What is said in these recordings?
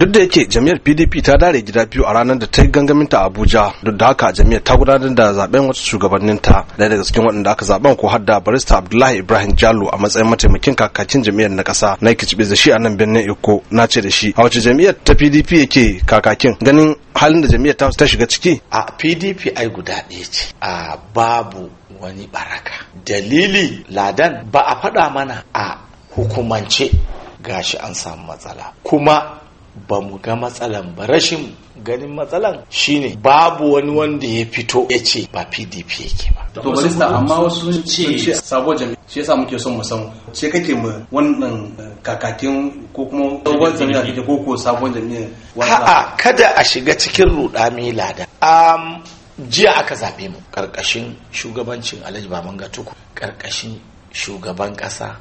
duk da yake jami'ar pdp ta dare gida biyu a ranar da ta yi gangaminta a abuja duk da haka jami'ar ta gudanar da zaben wasu shugabanninta daya daga cikin waɗanda aka zaben ko hadda barista abdullahi ibrahim jalo a matsayin mataimakin kakakin jami'ar na ƙasa na yake da shi a nan birnin eko na ce da shi a wace jami'ar ta pdp yake kakakin ganin halin da jami'ar ta shiga ciki a pdp ai guda ɗaya ce a babu wani baraka dalili ladan ba a faɗa mana a hukumance gashi an samu matsala kuma ba mu ga matsalan ba rashin ganin matsalan shine babu wani wanda ya fito ya ce ba pdp yake ba to barista amma wasu sun ce sabo jami shi yasa muke son mu san ce kake mu wannan eh, kakakin ko kuma sabon jami'a ko ko sabon jami'a a'a kada a shiga cikin rudami lada um, jiya aka zabe mu karkashin shugabancin alhaji baman gatuku karkashin shugaban kasa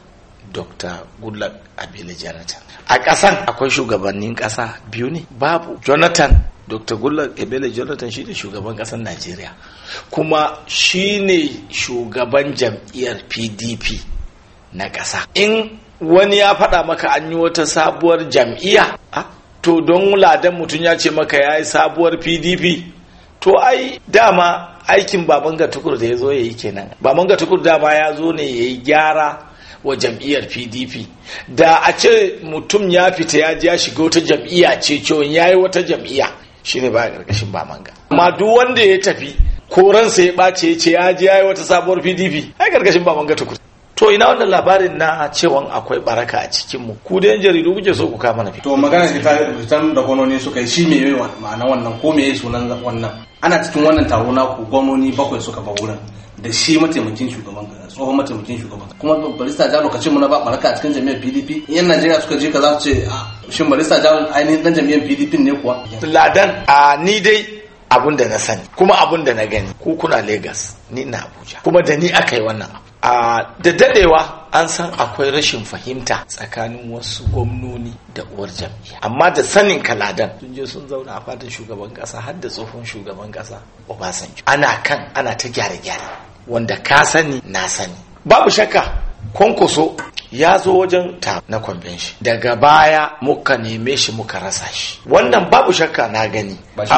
dr goodluck abele jonathan a ƙasan akwai shugabannin ƙasa biyu ne babu jonathan dr goodluck ebele jonathan shine shugaban ƙasar najeriya kuma shine shugaban jam'iyyar pdp na ƙasa in wani ya faɗa maka an yi wata sabuwar jam'iyya to don ladan mutum ya ce maka ya yi sabuwar pdp to ai dama aikin baban ga tukur da ya zo ya yi kenan baban ga tukur dama ya zo ne ya yi gyara wa jam'iyyar pdp da a ce mutum ya fita ya ya shiga wata jam'iyya ce cewan ya yi wata jam'iyya shi ne baya ƙarƙashin ba manga amma duk wanda ya tafi ko ransa ya ɓace ya ce ya ji ya yi wata sabuwar pdp ai ƙarƙashin ba manga tukur to ina wannan labarin na cewa akwai baraka a cikin mu ku da yan jaridu kuke so ku kama na to magana ce ta rubutan da gwamnoni suka yi shi me yayi ma'ana wannan ko me sunan wannan ana cikin wannan taro na ku gwamnoni bakwai suka ba wurin da shi mataimakin shugaban tsohon mataimakin shugaban kuma barista ja lokacin mu na ba baraka a cikin jami'ar PDP yan Najeriya suka je za su ce ah, shin barista ja ainihin dan jami'ar PDP ne kuwa ladan a ni dai abun da na sani kuma abun da na gani ku kuna Lagos ni na Abuja kuma da ni aka yi wannan a da dadewa an san akwai rashin fahimta tsakanin wasu gwamnoni da uwar jam'iyya amma da sanin kaladan sun je sun zauna a fatan shugaban kasa har da tsohon shugaban kasa obasanjo ana kan ana ta gyare-gyare wanda ka sani na sani babu shakka kwankwaso ya zo wajen ta na kwamfen shi daga baya muka neme shi muka rasa shi wannan babu shakka na gani ba shi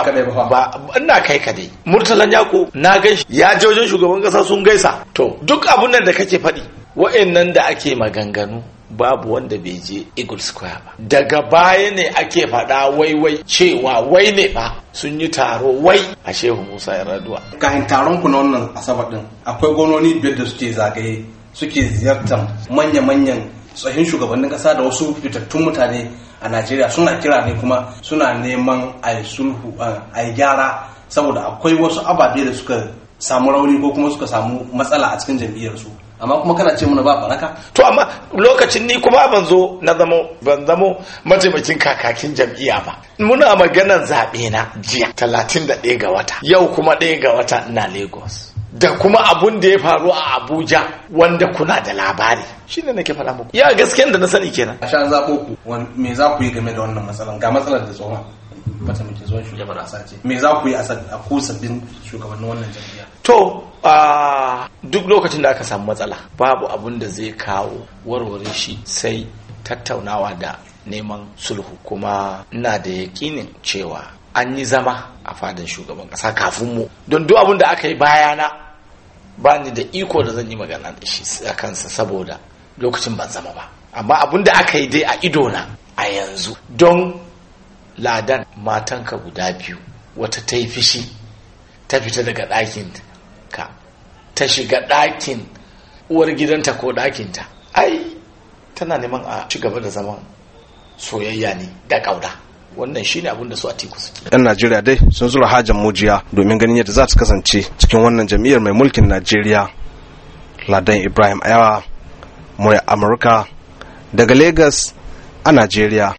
ba ina kai dai murtalan yako na gan shi ya je wajen shugaban kasa sun gaisa to duk abun nan da kake faɗi wa'annan da ake maganganu babu wanda bai je Eagle Square ba. Daga baya ne ake faɗa waiwai cewa wai ne ba sun yi taro wai a Shehu Musa Yar'adua. Kahin taron ku na wannan asabar din akwai gononi biyar da suke zagaye suke ziyartar manya-manyan tsohin shugabannin kasa da wasu fitattun mutane a najeriya suna kira ne kuma suna neman a yi sulhu a yi gyara saboda akwai wasu ababe da suka samu rauni ko kuma suka samu matsala a cikin jam'iyyarsu amma kuma kana ce mana ba baraka to amma lokacin ni kuma ban zo na zamo ban zamo mataimakin kakakin jam'iyya ba muna maganar zaɓe na jiya Talatin da ɗaya ga wata yau kuma ɗaya ga wata na lagos da kuma abun da ya faru a Abuja wanda kuna da labari shi ne nake faɗa muku ya gaskiyan da na sani kenan a shan zaɓo ku me za ku yi game da wannan matsalan ga matsalar da tsohon bata mutum zuwa shugaban a ce me za ku yi a ko sabbin shugabannin wannan jam'iyya to a duk lokacin da aka samu matsala babu abun da zai kawo warware shi sai tattaunawa da neman sulhu kuma ina da yakinin cewa an yi zama a fadin shugaban kasa kafin mu don duk abin da aka yi bayana ba ni da iko da zan yi magana da shi a kansa saboda lokacin ban zama ba amma abin da aka yi dai a ido na, a yanzu don ladan matanka guda biyu wata ta yi fishi ta fita daga ɗakin ka ta shiga ɗakin uwar gidanta ko ɗakinta ai tana neman a ci gaba da zaman soyayya ne da ƙauna wannan shi abin da su a tiku suke yan najeriya dai sun zura hajan mujiya domin ganin yadda za ta kasance cikin wannan jam'iyyar mai mulkin najeriya ladan ibrahim ayawa murya amurka daga lagos a najeriya